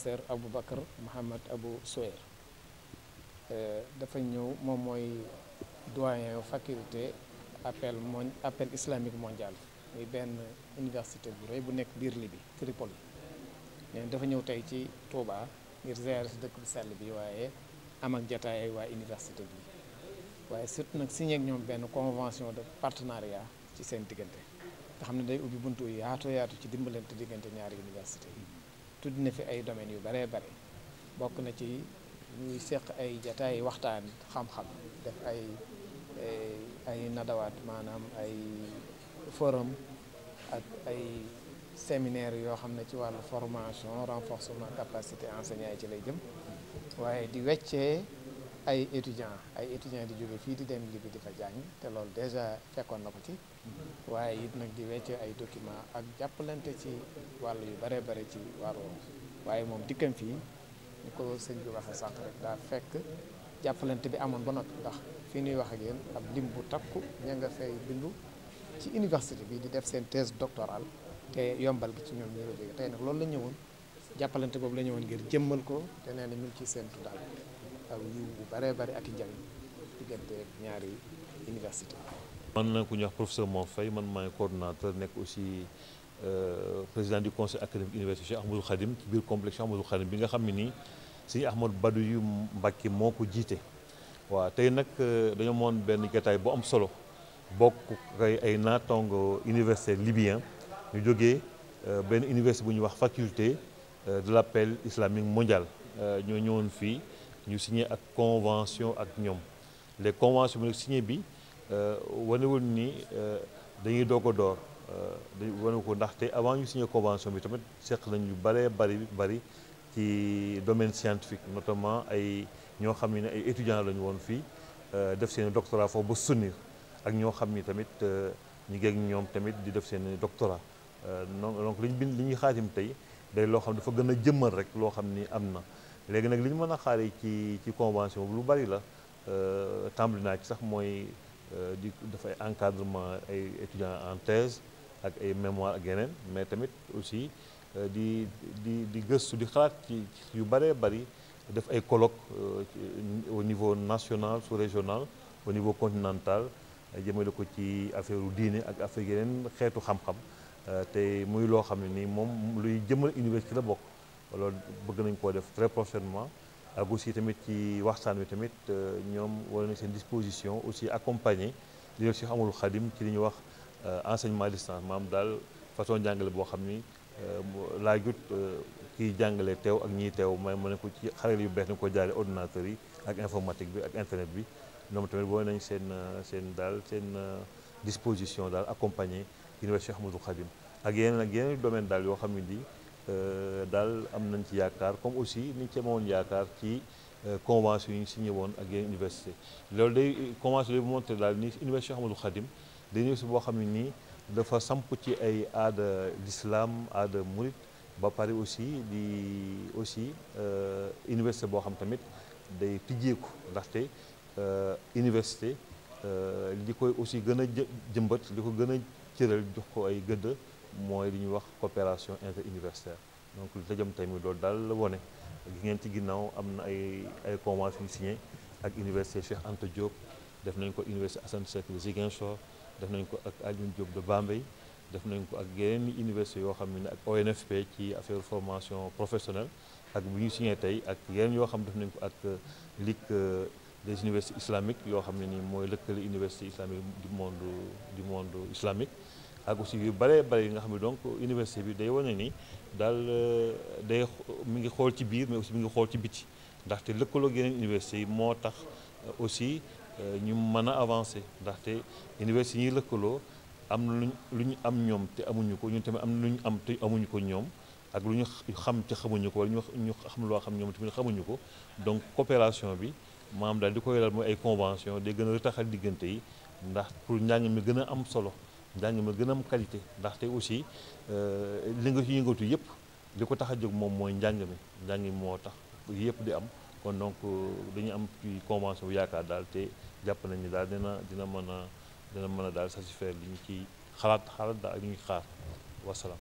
professeur Aboubacar Mohamed Abou Souer euh, dafa ñëw moom mooy doyen yu faculté appel mon appel islamique mondial muy benn université bu rëy bu nekk biir Libye Tripoli nee dafa ñëw tey ci Touba ngir ziyaare si dëkk bu sell bi waaye am ak jataay ay waa université bi waaye surtout nag si ñeek ñoom benn convention de partenariat ci seen diggante nga xam ne day ubbi buntu yaatu yaatu ci dimbaleen te diggante ñaari université yi tudd na fi ay domaines yu baree bare bokk na ci ñuy seq ay jataay waxtaan xam-xam def ay eh, ay nadawaat maanaam ay forum ak ay séminaire yoo xam ne ci wàll formation renforcement capacité enseignant yi ci lay jëm waaye di weccee ay étudiants ay étudiants di jóge fii di dem libi di fa jàng te loolu déjà fekkoon na ko ci waaye it nag di wecc ay documents ak jàppalante ci wàll yu bare bare ci wàllu waaye moom dikkam fii ñu ko sëñ bi waxee sànq daal fekk jàppalante bi amoon ba noppi ndax fii nuy wax ak yéen ab lim bu takku ña nga fay bindu ci université bi di def seen thèse doctorale te yombal gi ci ñoom ñu la jóge tey nag loolu la ñëwoon jàppalante boobu la ñëwoon ngir jëmmal ko te nee ciy seentu daal aw yiw bu baree bari ak i njariñ ñaari université man na ku ñuy wax professeur Mor Faye man maay coordonnateur nekk aussi euh, président du conseil académique université Cheikh Ahmadou Khadim ci biir complexe Cheikh Ahmadou Khadim bi nga xam ni nii sëñ Ahmadou yu Mbacké moo ko jiite waaw tey nag euh, dañoo moon benn jotaay bu am solo bokk kay ay naatango université libyen ñu jóge euh, benn université bu ñuy wax faculté de l'appel islamique mondial ñoo ñëwoon fii ñu signé ak convention ak ñoom les conventions bi nag signé bi euh, wanewul ni euh, dañuy doog a door euh, dañu wanewu ko ndaxte avant ñu signé convention bi tamit seq nañ ñu baree bari bari ci domaine scientifique notamment ay ñoo xam ne ay étudiants lañu woon fii def seen doctorat foofu ba sunir ak ñoo xam ni tamit ñu ngi ñoom tamit di def seen doctorat donc li ñu bind li ñuy xaatim tey day loo xam dafa gën a jëmmal rek loo xam ni am na léegi nag li ñu mën a xaaree ci ci convention bi lu bari la euh, tàmbali naa ci sax mooy euh, di dafay encadrement ay étudiants en thèse ak ay mémoire ak yeneen mais tamit aussi euh, di di di gëstu di xalaat ci yu baree bari def ay colloque au niveau national sous-régional au niveau continental jëmale ko ci affaire u diine ak affaire yeneen xeetu xam-xam te muy loo xam ne nii moom luy jëmal université la bokk loolu bëgg nañ koo def très prochainement ak aussi tamit ci waxtaan wi tamit euh, ñoom war nañ seen disposition aussi accompagner li ño Cheikh ci li ñuy wax euh, enseignement à distance daal façon jàngale boo xam ni euh, laajut kiy jàngale teew ak ñii teew may mu ne ko ci xarale yu bees nañ ko jaare ordinateur yi ak informatique bi ak internet bi ñoom tamit boo nañ seen seen daal seen disposition daal accompagner université Cheikh Amadou Khadim ak yeneen ak yeneen domaine daal yoo xam ne di Euh, daal am nañ ci yaakaar comme aussi ni ci amoon yaakaar ci euh, convention yi ñu signé woon ak yeneen université loolu day convention yi bu montré daal ni université Ahmadou Khadim dañu si boo xam ne nii dafa samp ci ay aada l'islam aada murit ba pare aussi di aussi euh, université boo xam tamit day tijjeeku ndaxte université li koy aussi gën a jëmbat li ko gën a cëral jox ko ay gëdd mooy li ñu wax coopération interuniversitaire donc li jëm tey muy loolu daal la wone gi ngeen ci ginnaaw am na ay ay ni signé ak université Cheikh Anta Diop def nañ ko université Assane Seck de Ziguinchor def nañ ko ak Alioune Diop de Bambey def nañ ko ak yeneen université yoo xam ne ak ONFP ci affaire formation professionnelle ak bu ñu signé tey ak yeneen yoo xam def nañ ko ak ligue euh, des universités islamiques yoo xam ne nii mooy lëkkale université islamique du monde du monde islamique ak aussi yu bare bare yi nga xam ne donc université bi day wane nii daal euh, day mu ngi xool ci biir mais aussi mi ngi xool ci biti ndaxte lëkkaloo yeneen université yi moo tax euh, aussi euh, ñu mën a avancer ndaxte université yi lëkkaloo am na lu ñu am ñoom te amuñu ko ñun tamit am lu ñu am te amuñu ko ñoom ak lu ñu xam te xamuñu ko wala ñu xam loo xam ñoom tamit xamuñu ko donc coopération bi maam daal di ko yoral mooy ay convention de gën a retaxal diggante yi ndax pour njàng mi gën a am solo njàng ma gën a am qualité ndaxte aussi euh, li nga ci yëngatu yëpp li ko tax a jóg moom mooy njàng mi njàng moo tax yëpp di am kon donc euh, dañu am ci convention bu yaakaar daal te jàpp nañu daal dina dina mën a dina mën a daal satisfaire li ñu ci xalaat xalaat daal ak li ñu xaar wasalaam